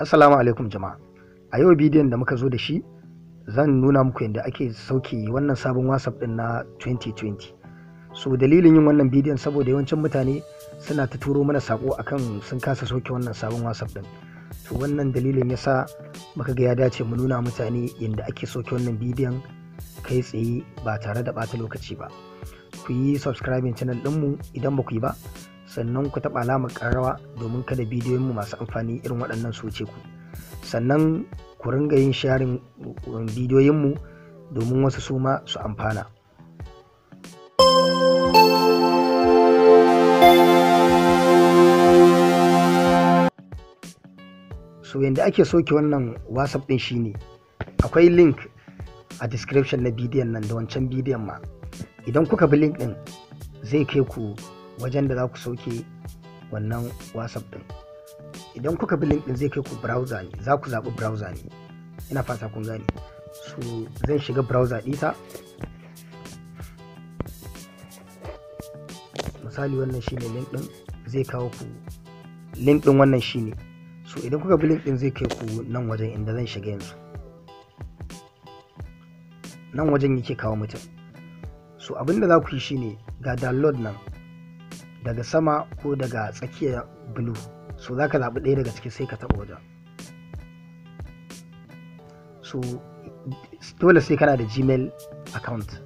Assalamu alaikum jama'a. A yau bidiyon da muka zo da shi zan nuna muku yadda ake sauke wannan sabon WhatsApp din na 2020. So dalilin yin wannan bidiyon saboda yawancin mutane suna ta turo mana sako akan sun kasa sauke wannan sabon WhatsApp din. To wannan dalilin yasa muka ga ya dace mu nuna mutane yadda ake sauke wannan bidiyon kai tsaye ba tare da ɓata lokaci ba. Ku yi subscribing channel ɗinmu idan ba ku yi ba sannan ku taɓa alamar ƙararrawa domin kada bidiyon mu masu amfani irin waɗannan su ku sannan ku ringa yin sharin um, bidiyoyin mu domin wasu su ma su amfana so yadda ake soke wannan whatsapp din shine akwai link a description na bidiyon nan da wancan bidiyon ma idan kuka bi link din zai kai ku wajen da za ku sauke wannan whatsapp din idan kuka bi link din zai kai ku browser ne za ku zaɓi browser ne ina fata kun gane so zan shiga browser ɗita misali wannan shine link din zai kawo ku link din wannan shine so idan kuka bi link din zai kai ku nan wajen inda zan shiga yanzu nan wajen yake kawo mutum so abinda za ku yi shine ga download nan daga sama ko daga tsakiyar bulu so za ka zaɓi ɗaya daga ciki sai ka taɓa wajen so dole sai kana da gmail account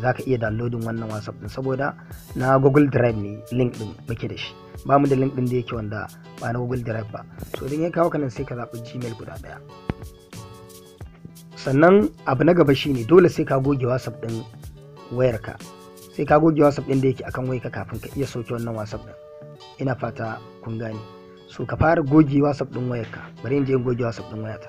za ka iya downloadin wannan whatsapp din saboda na google drive ne link din muke da shi ba mu da link ɗin da yake wanda ba na google drive ba so idan ya kawo kanan sai ka zaɓi gmail guda ɗaya sannan abu na gaba shine dole sai ka goge whatsapp din wayarka sai ka goge whatsapp ɗin da yake akan waya kafin ka iya sauke wannan whatsapp ɗin ina fata kun gane so ka fara goge whatsapp ɗin wayarka bari in je in goge whatsapp ɗin wayata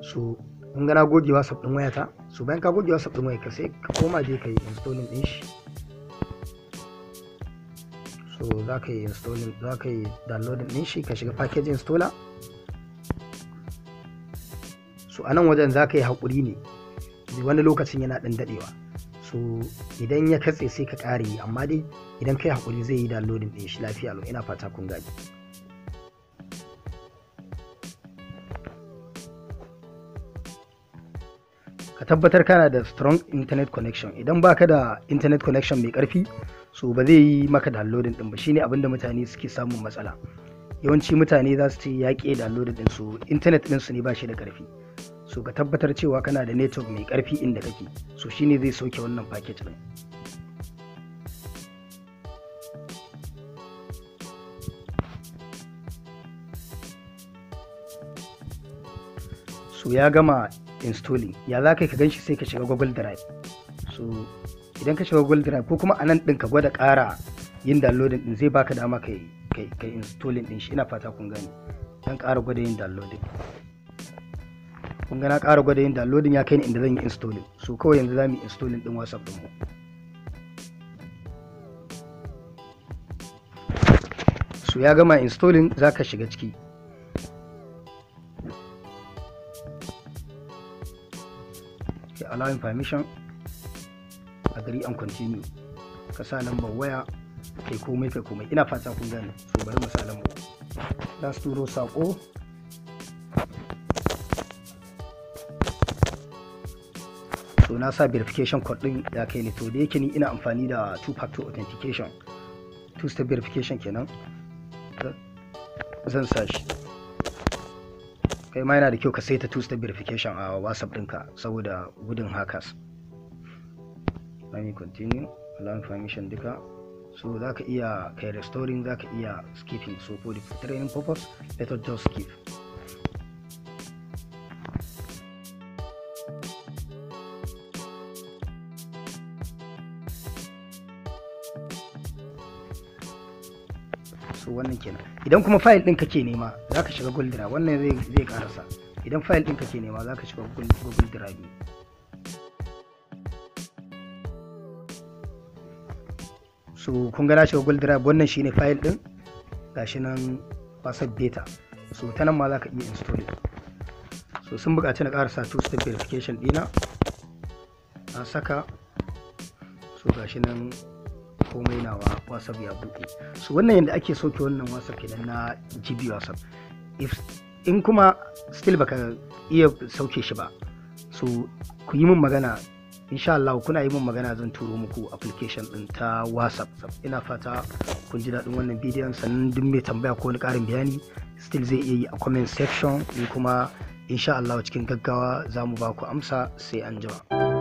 so in gana goge whatsapp ɗin wayata so bayan ka goge whatsapp ɗin wayarka sai ka koma je ka yi installing ɗin shi so za ka yi installing za ka yi din shi ka shiga package installer so a nan wajen za ka yi haƙuri ne wani lokacin yana ɗin daɗewa so idan ya katse sai ka ƙare amma dai idan ka yi haƙuri zai yi downloading din shi lafiya lo ina fata kun gaji ka tabbatar kana da strong internet connection idan baka da internet connection mai karfi so ba zai yi maka downloading din ba shine abin da mutane suke samun matsala yawanci mutane za su ce ya ƙi downloading din su internet din su ne ba shi da karfi so ka tabbatar cewa kana da network mai karfi inda kake so shine zai sauke wannan package din so ya gama installing ya za ka gan shi sai ka shiga google drive so idan ka shiga google drive ko kuma a nan ka gwada ƙara yin downloading din zai baka dama ka kai installing din shi ina fata kun gani dan ƙara gwada yin downloading kun gana kara gwada yin downloading ya kai ni inda zan yi installing so kawai yanzu za mu yi installing ɗin whatsapp din mu so ya gama installing za ka shiga ciki sai allowing permission agree and continue ka sa number waya kai komai kai komai ina fata kun gane so bari mu sa lambar za su turo sako so na sa verification code din ya kai ni. to da yake ni ina amfani da two factor authentication two step verification kenan zan sa shi kai ma yana da kyau ka saita two step verification a whatsapp dinka saboda gudun hackers let me continue allow information duka so za ka iya kai restoring za ka iya skipping so for the training purpose us just skip so wannan kenan idan kuma fayil din kake nema zaka shiga Google Drive wannan zai karasa idan fayil din kake nema zaka shiga Google Drive so kun gana shiga Google Drive wannan shine fayil din shi nan WhatsApp data so ta nan ma zaka iya install so sun buƙaci na karasa two step verification dina a saka so shi nan komai nawa whatsapp ya buɗe so wannan yadda ake sauke wannan whatsapp kenan na gb whatsapp in kuma still baka iya sauke shi ba so ku yi min magana insha Allah kuna yi min magana zan turo muku application din ta whatsapp ina fata kun ji daɗin wannan bidiyon sannan duk mai tambaya ko wani ƙarin bayani still zai iya yi a comment section ni kuma insha Allah cikin gaggawa za mu ba ku amsa sai an jima.